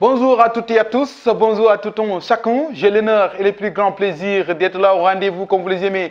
Bonjour à toutes et à tous, bonjour à tout monde. chacun. J'ai l'honneur et le plus grand plaisir d'être là au rendez-vous comme vous les aimez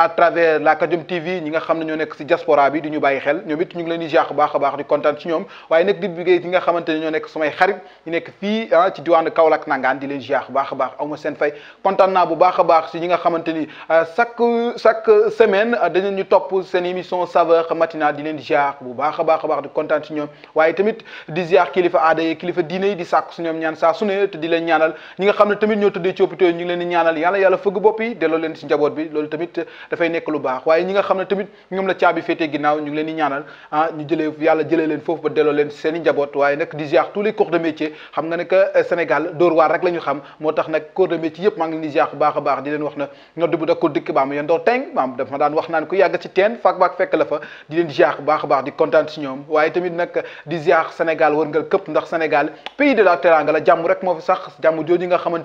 à travers la Kadiom TV ñi nga xam ne ñoo nekk si diaspora bi di ñu bàyyi xel ñoom it ñu ngi leen jaax baax a baax di kontaan ci ñoom waaye nekk di liggéey ñi nga xamante ne ñoo nekk samay xarit ñu nekk fii ah ci diwaanu Kaolack a baax aw ma seen fay kontaan a baax si ñi nga xamante ah, chaque semaine ah, dañu ñu topp seen émission saveur matinale di leen di jaax bu baax a baax a baax di kontaan ci ñoom waaye tamit di jaax kilifa aada yi kilifa diine yi di sàkku su ñoom ñaan saa su ne te leen ñaanal ñi nga xam ne tamit ñoo tëddee ci hôpital ñu ngi leen di ñaanal yàlla yàlla fëgg bi loolu tamit dafay nekk lu baax waaye ñi nga xam ne tamit ñoom la caabi féetee ginnaaw ñu ngi leen di ñaanal ah ñu jëlee yàlla jëlee leen foofu ba delloo leen seen njaboot waaye nag di ziar tous les corps de métier xam nga ne euh, Sénégal dóor rek la xam moo tax nag corps de métier yëpp maa ngi leen di ziar bu baax a baax di leen wax na nodd bu da ko dikk baam yendoo teng baam dafa daan wax naan ku yàgg ci teen faak baak fekk la fa di leen ziar bu baax a baax di kontaan si ñoom waaye tamit nag di ziar Sénégal war nga këpp ndax Sénégal pays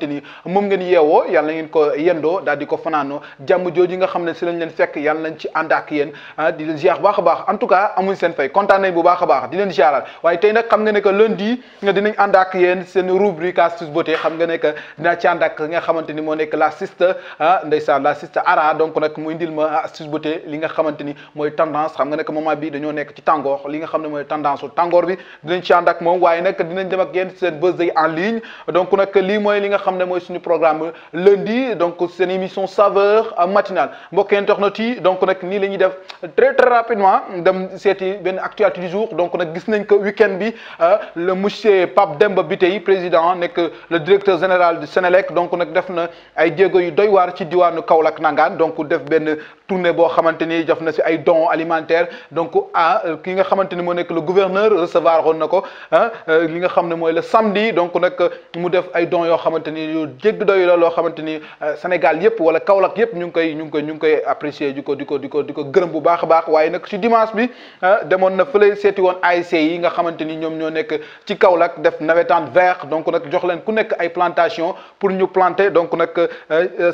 ni moom ngeen yeewoo yàlla ngeen ko yendoo daal di ko fanaanoo jàmm jooju nga xam si lañ leen fekk yalla nañ ci ànd ak yéen ah, di leen ziar bu baax en tout cas amuñ seen fay kontaan nañ bu baax a baax di leen ziaral waye tay nak xam nga ne que lundi nga dinañ ànd ak yéen seen rubrique astuce beauté xam nga ne que dinaa ci ànd ak nga xamanteni mo nek la sister ah la sister Ara donc nak muy ndil ma astuce beauté li nga xamanteni moy tendance xam nga ne que moment bi dañoo nek ci tàngoor li nga xamne moy mooy tendance su tàngoor bi dinañ ci ànd ak moom waaye nag dinañ dem ak yeen seen buzz day en ligne donc nak li moy li nga xamne moy suñu programme lundi donc seen émission saveur matinale mbokk internet yi donc nak ni lañuy def très très rapidement dem seeti ben actualité du jour donc nak gis nañ que week-end bi euh, le monsieur Pape Demba Bité président nek le directeur général de Sénélec donc nak def na ay djégo yu doy war ci diwanu Kaolack Nangan, donc def ben tourné bo xamanteni ni def na ci ay dons alimentaires donc a ah, euh, ki nga xamanteni mo nek le gouverneur recevoir woon na ko ah, euh, li nga xamne moy le samedi donc nak euh, mu def ay dons yo xamanteni ni yu jégg doy la loo xamante ni Sénégal yëpp wala Kaolack yëpp ñu ngi koy ñu ngi koy ñu ngi koy apprécier di diko diko diko gërëm bu baax a baax waaye nag si dimanche bi ah, demoon na fële seeti won ic yi nga xamanteni ñom ño nek ci Kaolack def nawetaan vert donc nak jox leen ku nek ay plantation pour ñu planter donc nak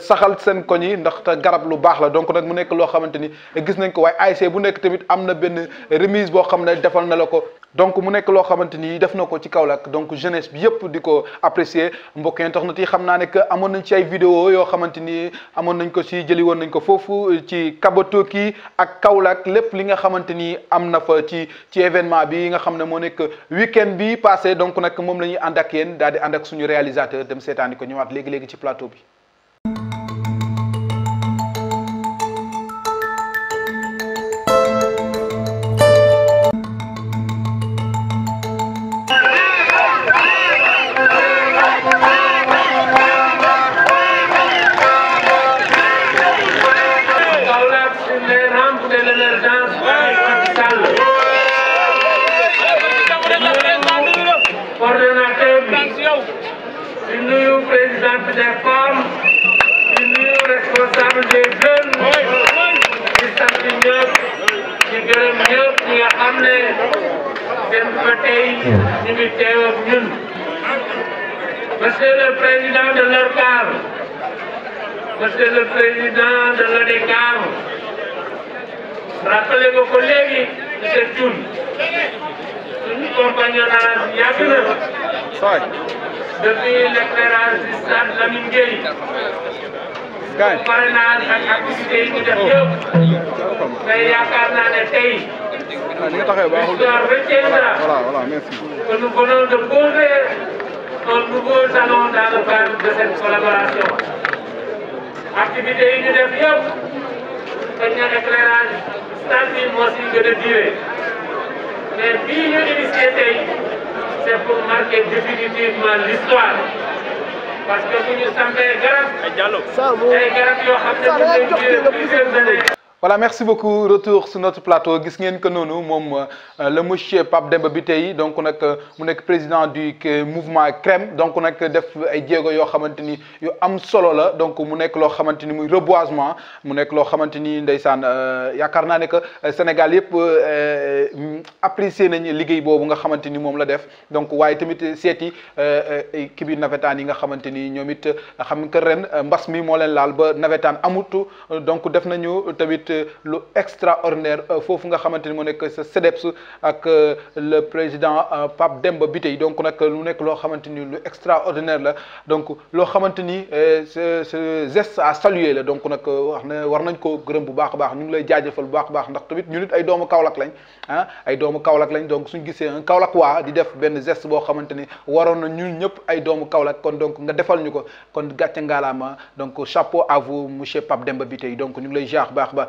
saxal sen koñ ndax ta garab lu baax la donc nak nekk loo xamante gis nañ ko waaye ASC bu nek tamit amna ben remise bo xamné defal na la donc mu nek lo xamanteni ni def na ci Kaolack donc jeunesse bi yëpp diko apprécier mbokk internet yi xam naa ne que amoon nañ ci ay vidéo yo xamanteni amon nañ ko ci jëli won nañ ko fofu ci Kabatoki ak Kaolack lepp li nga xamanteni amna fa ci ci événement bi nga xamné mo nek nekk week-end bi passé donc nak mom lañuy andak ànd ak yéen di ànd suñu réalisateur dem sétani ko ñëwaat légui légui ci plateau bi Monsieur le Président de l'ORCAV, Monsieur le Président de l'ODECAV, rappelez vos collègues, Monsieur Thioune, suñu compagnonnage yàgg na depuis l'éclairage du stade Lamine Gueye parrainage ak activité yi ñu def oh. yëpp mais yaakaar naa ne tey ah, histoire retiendra que nous venons de poser un nouveau jalon dans le cadre de cette activité yi ñu def yëpp dañ ne éclairage stade bi moo si gën a mais bii ñu initié tey c' est pour marquer définitivement l'histoire parce que bu ñu sampee garab ay garab yoo xam ne ñu ngi leen di voilà merci beaucoup retour sur notre plateau gis ngeen que noonu moom euh, le monsieur Pape Demba Donc, on donc nag euh, mu nekk président du euh, mouvement Crème, donc on def ay jéego Yo xamante Yo am solo la donc mu nek lo xamante muy reboisement mu nek lo xamante ndaysan ndeysaan yaakaar que Sénégal yëpp apprécier nañ liggéey bobu nga xamante mom la def donc waaye tamit seeti kii bi navetaan yi nga xamante ñomit xam nga ren mbass mi mo len laal ba navetaan amutu donc def nañu tamit lu extraordinaire euh, Fofu nga xamanteni mo nek nekk ak euh, le président euh, Pape Demba Bitèye donc nak lu nek lo xamanteni lu extraordinaire la donc lo xamanteni ce geste à saluer la donc nak wax na war nañ ko gërëm bu baax a baax ñu ngi lay jaajeufal bu baax baax ndax tamit ñu nit ay doomu Kaolack lañ ah ay doomu Kaolack lañ donc suñu gisee un Kaolack wa di def ben geste bo xamanteni ni na ñun ñëpp ay doomu Kaolack kon donc nga défal ñuko kon gàcce ngalama donc chapeau à vous monsieur Pape Demba Bitèye donc ñu ngi lay jaar baax baax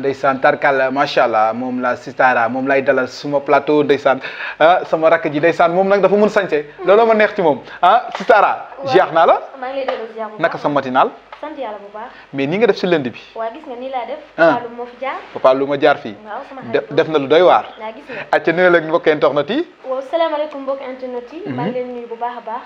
ndeysaan ah, tarkal macha allah moom la Sitara moom lay dalal suma plateau ndeysaan ah sama rakk ji ndeysaan moom nag dafa mun sànce hmm. looloo ma neex ci moom ah Sitara. jeex naa la naka sa matinal. sant yàlla bu baax mais ni nga def si lënd bi. waaw gis nga nii laa def. Papa Lu ma fi jaar. Papa Lu ma jaar fii. def na lu doy waar. waaw gis nga acca nuyu la mbokk internet yi. waaw salaamaaleykum mbokk internet yi. maa ngi leen nuyu bu baax a baax.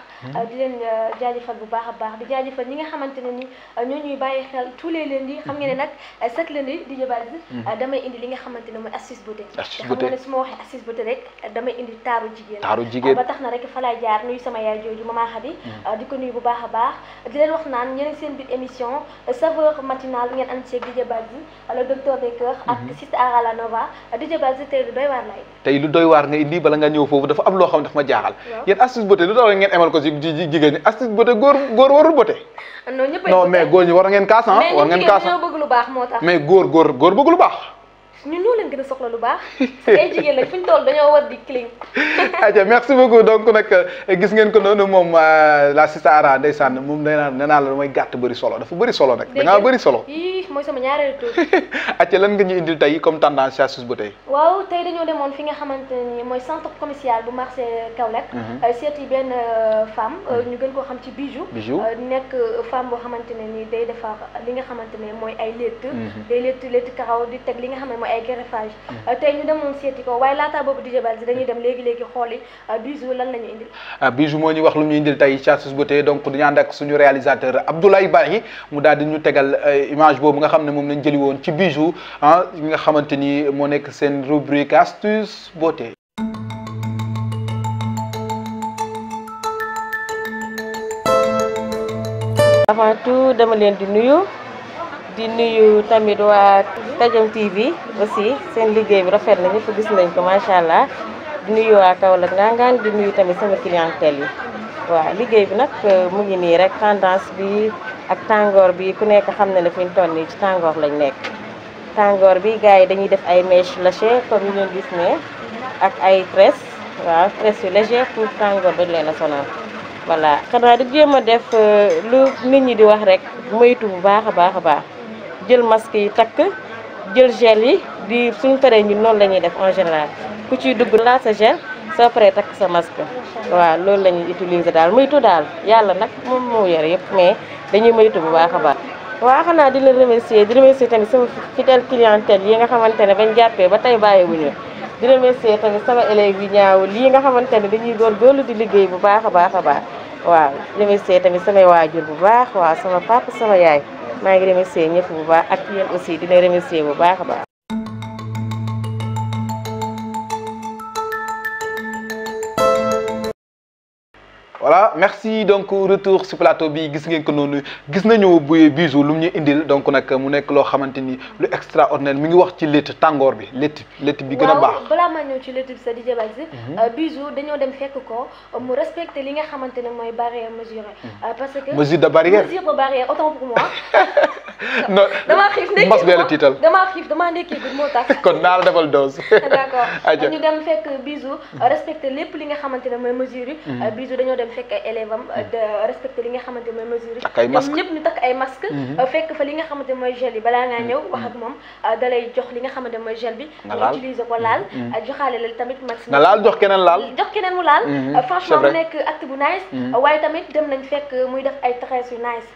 di leen jaajëfal bu baax baax di jaajëfal ñi nga xamante ñoo ñuy bàyyi xel tous les lundis xam nga ne nag chaque lundi di Diabase hmm. ah, damay indi li nga xamante ne mooy beauté astuce beauté ne su ma beauté rek ah, damay indi taaru ah, ba tax na rek fa jaar nuyu sama yaay jooju mama Khady hmm. di ko nuyu bu baax baax di leen wax naan ñeneen seen biir émission saveur matinale ngeen am ceeg Diabase le docteur des cœurs ak hmm. Sista Ara la Nova Diabase tey lu doy waar laay tey lu doy waar nga indi bala nga ñëw foofu dafa am loo xam dafa ma jaaxal yéen astuce beauté lu tax ngeen emal ko ci jigéen ñi beauté góor góor warul beauté non mais ñi war ngeen kaas war ngeen kaas mais góor góor bëgg lu baax ñun ñoo gën a soxla lu baax ay jigéen lañ fu ñu toll dañoo war eh, gis ngeen ko noonu moom euh, la Sitara ndeysaan moom nee naa nee naa la mooy gàtt bëri solo dafa bëri solo nag. da ngaa bëri solo. ii mooy sama ñaareelu tur. aja lan nga ñu indil tey comme tendance saa suus ba tey. waaw tey dañoo demoon fi nga xamante ni mooy centre commercial bu marché Kaolack. Mhm. Euh, seeti benn euh, femme mhm. ñu gën koo xam ci bijou. bijou nekk femme boo xamante ne ni day defar li nga xamante ne mooy ay létt. Mhm. day karaw di teg li nga xam ne mooy ay greffage euh, tey ñu demoon seeti ko waaye laata boobu DJ Balzi dañuy dem léegi-léegi xooli euh, Bijou lan la ñu indil euh, Bijou moo ñu wax lu ñu indil tey chasseuse beauté donc dañu ànd ak suñu réalisateur Abdoulaye Barry mu daal di ñu tegal image boobu nga xam ne moom lañ jëli woon ci Bijou ah ñi nga xamante ni moo nekk seen rubrique astuce beauté avant tout leen di di nuyu tamit wa tajam TV aussi sen liguey bi rafet na ñëpp gis nañ ko macha allah di nuyu waa Kaolack ndangaan di nuyu tamit sama clientèle yi wa liguey bi nak euh, mu ngi ni rek tendance bi ak tangor bi ku nekk xam la fiñ tonni ci tangor lañ nekk tangor bi gaay yi dañuy def ay mèche lâché comme ñu gis né ak ay tresse wa tresse yu léger pour tangor dañ leena sonal wala xana di jema def euh, lu nit ñi di wax rek moytu bu baaxa baaxa baax jël masque yi tak jël gel yi di suñu téré ñun non lañuy def en général ku ci dugg la sa gel sa paré tak sa masque wa lool lañuy utiliser dal muy tu dal yalla nak mom mo yore yépp mais dañuy tu bu baaxa ba wa xana di la remercier di remercier tamit sama fidèle clientèle yi nga xamantene bañ jappé ba tay baye wuñu di remercier tamit sama élève yi ñaaw li nga xamantene dañuy door góorgóorlu di liggéey bu baaxa baaxa ba wa baax remercier tamit sama wajur bu baax wa sama papa sama yaye maa ngi remercier ñëpp bu baax ak yéen aussi dina remercier bu baax a baax. voilà merci donc retour sur plateau bi gis ngeen ko nonu gis nañu bu bisu lu ñu indil donc nak mu nek lo xamanteni lu extraordinaire mi ngi wax ci létt tangor bi létt létt bi gëna baax waaw ma ñew ci létt sa DJ Balzi bisu dañoo dem fekk ko mu respecter li nga xamanteni moy mooy barrière mesure mhm. euh, parce que mesure de barrière mesure de barrière autant pour moi non damaa xiif ndekki mbas bee la tiital damaa xiif damaa ndekki gud moo kon naa la defal dose d'accord ñu dem fekk bisu mhm. respecter lepp li nga xamanteni moy mooy mesure yi mhm. euh, bisu dem fekk ay élèves am de respecté li nga xamante mooy mesure yi ñoom ñëpp ñu takk ay masque fekk fa li nga xamante mooy gel yi balaa ngaa ñëw wax ak moom da lay jox li nga xamante mooy gel bi nga utiliser ko laal joxaale la tamit masque na laal jox keneen laal jox keneen mu laal franchement mu acte bu nice waaye tamit dem nañ fekk muy def ay tresses yu nice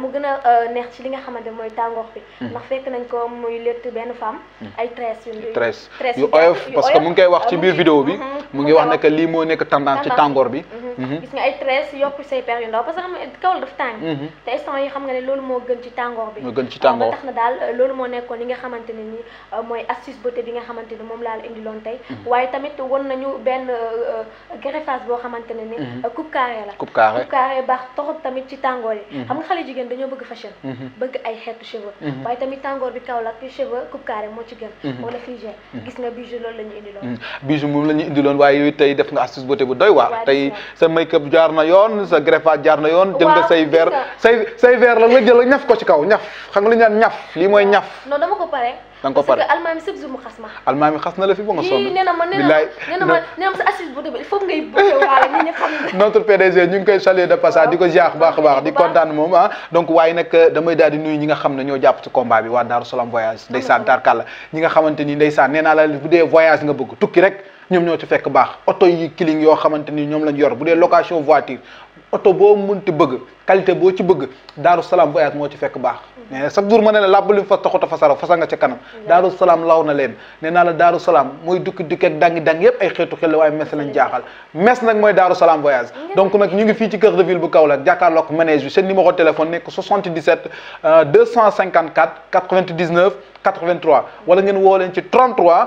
mu gën neex ci li nga xamante mooy tàngoor bi ndax fekk nañ ko muy létt benn femme ay tresses yu tresses yu oyof parce que mu ngi koy wax ci biir vidéo bi mu ngi wax ne que lii moo tendance ci tàngoor bi nga ay treize yokk say per yu ndaw parce que xam nga Kaolack dafa tàng mhm. te instant yi xam nga ne loolu moo gën ci tàngoor bi moo gën ci tàngoor ah, ba tax na daal euh, loolu moo nekkoon li nga xamante ne ni euh, mooy astuce beauté bi nga xamante ne moom laa la indiloon tey mhm. waaye tamit won nañu benn euh, greffage boo xamante ne ni mhm. coupe carré la coupe carré coupe carré baax torop tamit ci tàngoor yi xam nga xale jigéen dañoo bëgg fashion bëgg ay xeetu cheveux waaye tamit tàngoor bi Kaolack cheveux coupe carré moo ci gën wala figé gis nga bijou loolu la ñu indiloon bijou moom la ñu indiloon waaye yooyu tey def nga astuce beauté bu doy waa tey sa make make-up jaar na yoon sa grefa jaar na yoon jël nga say verre say say verre la nga jeul ñaf ko ci kaw ñaf xam nga li ñaan ñaf li moy ñaf non dama ko paré dang ko paré parce almaami chaque jour mu almaami la fi bu nga sonn nee ma neena na ma sa assist bu dëgg il ngay bu waale ñi ñi xam notre PDG ñu ngi koy saluer de passage di ko ziar baax baax di contane mom ah donc waaye nak euh, damay daal di nuyu ñi nga xam ne ño japp ci combat bi wa Daaru salam voyage dar kala ñi nga xamanteni ni neena la bu dee voyage nga bëgg tukki rek ñoom ñoo ci fekk baax oto yi kiling yoo xamante ni ñoom lañ yor bu dee location voiture oto boo munti bëgg qualité boo ci bëgg daaru salaam voyage moo ci fekk baax na chaque jour ma ne la làbbalim fas taxuta fasara fasa nga ca kanam mm-hmm. daaru salaam law na leen nee naa la daaru salaam mooy dukki dukki ak dangi dangi yépp ay xeetu xel waaye mes lañ jaaxal mes nag mooy daaru salaam voyage mm-hmm. donc nag ñu ngi fii ci cœur de ville bu Kaolack jàkkaarloog manège bi seen numéro téléphone nekk 77 254 99 83 wala ngeen woo leen ci 33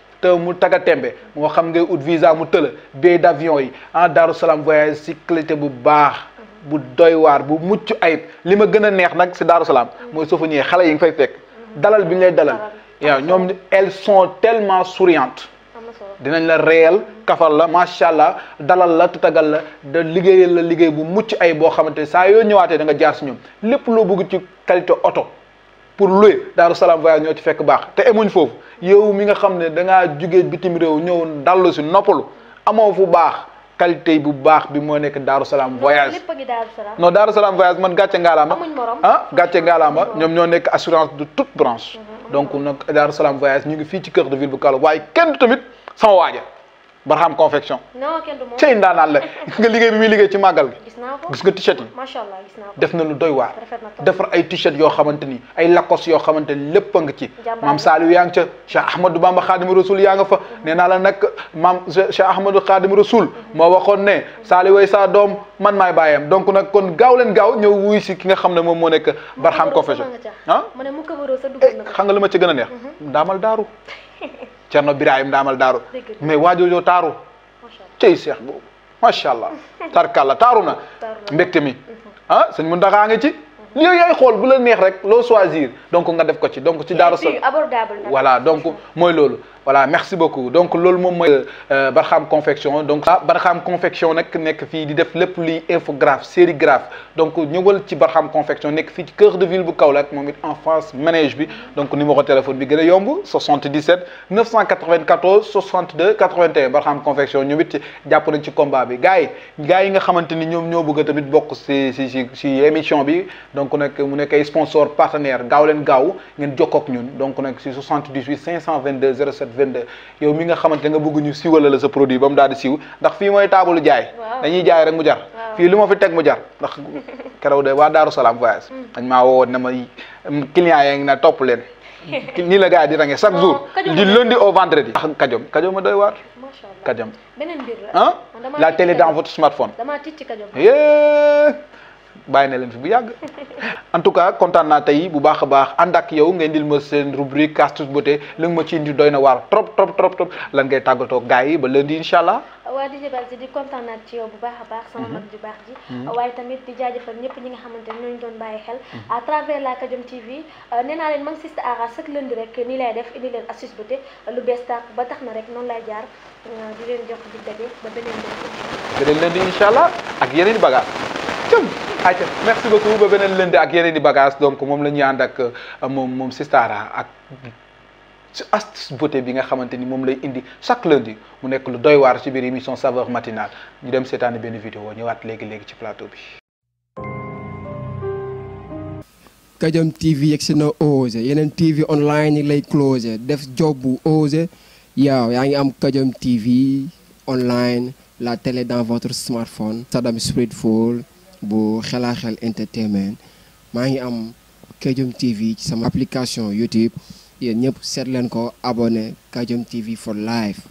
te mu taga tembe moo xam ngay ut visa mu tëla billet d'avion yi en ah Darou Salam voyage si qualité bu baax bu doy waar bu mucc ayib li ma gën a neex nag si Darou Salam mooy soo fa ñëwee xale yi nga fay fekk dalal bi ñu lay dalal waaw ñoom elles son tellement souriantes dinañ la réel kafal la macha allah dalal la tutagal la da liggéeyal la liggéey bu mucc ay boo xamante saa yoo ñëwaatee da nga jaar si ñoom lépp loo bëgg ci qualité oto pour louer Daaru Salaam voyage ñoo ci fekk baax te emuñ foofu yow mi nga xam ne da ngaa jugee bitim réew ñëw dallu si noppalu amoo fu baax qualité bu baax bi moo dar Daaru Salaam voyage non Daaru Salaam voyage man gàcce ngaalaama ah gàcce ngaalaama ñoom ñoo a assurance de toute branche mhm. donc nag de Salaam voyage ñu ngi fii ci cœur de ville bu Kaolack waaye kenn du tamit sama waaja Barham confection. non kenn du la nga liggéey bi liggéey ci màggal gi. gis naa ko nga t-shirt macha allah def na lu doy waar. defar ay t-shirt yoo xamante ni ay lakkos yoo xamante ni lépp a nga ci. maam Saliou yaa ngi ca Cheikh Ahmadou Bamba Khadim Rasoul yaa nga fa. Mhm. nee naa la nag maam Cheikh Ahmadou Khadim Rasoul mhm. moo waxoon ne mhm. Saliou way sa doom man maay bàyyam donc nag kon gaaw leen gaaw ñëw wuy si ki nga xam ne moom moo nekk. Barham confection ah. mu ne mu këbëroo sa dugub eh, xam nga li ma ci gën a neex. ndaamal daaru Cerno Birahim Ndaamal Daaru mais waajoojoo taaru cey seex boobu macha allah tarkalla taaru na mbégte mi ah sëñ mun ndaxaa nga ci yooyu yaay xool bu la neex rek loo choisir donc nga def ko ci donc ci daaru sa abordable voilà donc mooy loolu voilà merci beaucoup donc loolu mom euh, Barham Barxam confection donc la ah, Barxam confection nak nek fi di def lepp luy infographe sérigraphe donc ñëwul ci Barxam confection nek le ci cœur de ville bu Kaolack momit en face manège bi donc numéro téléphone bi gën yomb 77 994 62 81 Barham confection nous sommes jàpp nañ ci combat bi gaay gaay nga xamanteni ñom ñoo bëgg tamit bok si si si émission bi donc nous mu les ay sponsor partenaire gaaw gaaw ak ñun donc nak ci 78 522 07 22 yow mi nga xamante nga bëgg ñu siwala sa produit ba mu daal di siw ndax fii mooy taabalu jaay dañuy jaay rek mu jar fii lu ma fi teg mu jar ndax keroog de waa Daaru Salaam voyage hmm. dañ maa woowoon ne ma um, client yaa ngi na topp leen nii la gars yi di range chaque oh, jour du lundi au vendredi ndax kajom kajom ma doy waar kajom ah la télé dans smartphone bayina len fi bu yag en tout cas kontaan na tay bu baakha baax andak yow ngay indil ma sen rubrique castus beauté li nga ma ci indi doyna war trop trop trop trop lan ngay tagoto gaay yi ba lundi incha allah. waaw di jëbal di kontaan na ci yow bu baakha baax sama mhm. mag ju baax ji mhm. waaye tamit di jajeufal ñepp ñi nga xamanteni ne ñooñu doon baye xel mhm. à travers la kadjum TV euh, neena len mang sister Sista Ara chaque lundi rek ni lay def indi len astuce beauté euh, lu bes tax ba tax na rek non lay jaar euh, di len jox di daje ba benen beneen lundi inshallah ak yeneen bagage bagaas ayca merci beaucoup ba beneen lundi ak yeneen i bagage donc moom la ñuy ànd ak euh, moom moom Sistara ak astuce beauté bi nga xamante ni moom lay indi chaque lundi mu nekk lu doy waar ci biir émission saveur matinale ñu dem seetaani benn vidéo ñëwaat léegi léegi ci plateau bi. Kajom TV yegg si na osé yeneen TV online lay closé def job bu osé yaa ngi am Kajom TV online la télé dans votre smartphone Sadam Spreadful. bu Xelal Xel entertainment maa ngi am Kajom TV ci sama application YouTube yéen ñëpp seet leen ko abonné Kajom TV for life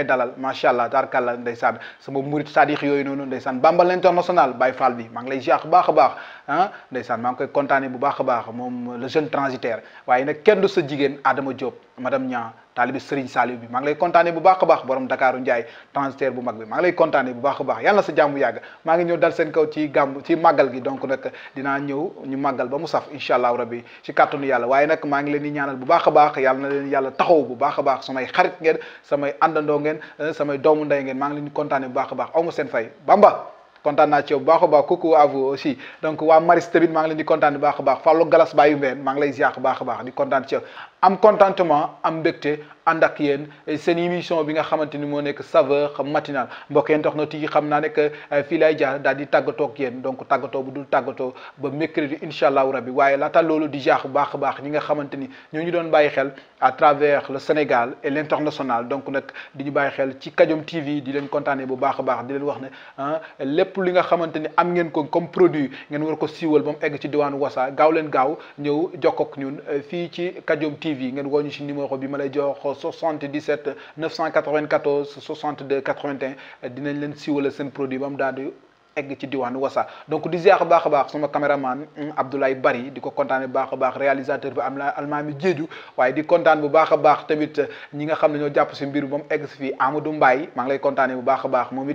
may dalal macha allah taarkàlla ndeysaan sama murit sadix yooyu noonu ndeysaan bambal international Baye Fall bi maa lay ziar bu baax a ah ndeysaan maa ngi koy kontaane bu baax a baax moom jeune transitaire waaye nag kenn du sa jigéen Adama Diop madame Niang talib serigne saliw bi ma ngi lay contane bu baakha baax borom dakaru ndjay transfert bu mag bi ma ngi lay contane bu baakha baax yalla sa jamu yag ma ngi ñew dal sen kaw ci gam ci magal gi donc nak dina ñew ñu magal ba mu saf inshallah rabbi ci carton yalla waye nak ma ngi leen di ñaanal bu baakha baax yalla na leen yalla taxaw bu baakha baax samay xarit ngeen samay andando ngeen eh, samay doomu nday ngeen ma ngi leen di contane bu baakha baax awmu sen fay bamba contane na ci bu baakha baax coucou à vous aussi donc wa maris tamit ma ngi leen di contane baakha baax fallu galas bayu mbeen ma ngi lay ziar baakha baax di contane ci am contentement am mbégte andak ak yéen seen émission bi nga xamante mo nek saveur matinal mbok yéen tax na tii xam naa ne euh, lay jaar daal di tàggatoo ak yéen donc tàggatoo bu dul tàggatoo ba mercredi inshallah allahu rabi waaye laata lolu di jaax bu baax baax ñi nga xamante ñoo ñu doon bàyyi xel à travers le Sénégal et l'international donc nak di ñu bàyyi xel ci Kajom TV di leen kontaanee bu baax a baax di leen wax ne ah lépp li nga xamante am ngeen ko comme produit ngeen war ko siiwal bam egg ci diwaanu Wassa gaaw leen gaaw ñëw jokkook ñun euh, fi ci Kajom TV. TV ngeen woo ñu ci numéro bi ma lay jox 77 994 62 81 dinañ leen siiwale seen produit ba mu daal di egg ci diwaanu wasa donc di ziar baax a baax sama caméraman mm, Abdoulaye Bari di ko kontaane baax a baax réalisateur bi am na almaami Jeeju waaye di kontaan bu baax a baax tamit ñi nga xam ne ñoo jàpp si mbir ba mu egg si fii Amadou Mbaye maa ngi lay kontaane bu baax a baax moom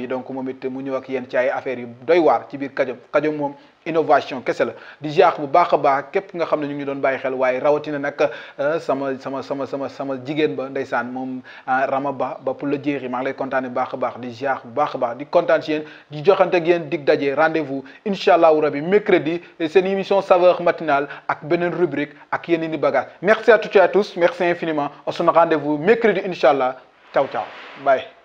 yi donc moom it mu innovation quest la di c'est bu baax baax nga ñu ngi doon xel waye rawatina euh, sama sama sama sama sama jigen ba ndaysan mom euh, Rama Ba ba pour le jeexi ngi lay contane baax di bu di contane ci yeen di joxante ak dig rendez-vous Inshallah, mercredi émission saveur matinale ak rubrique ak merci à toutes et à tous merci infiniment on se rendez-vous mercredi inshallah. ciao ciao bye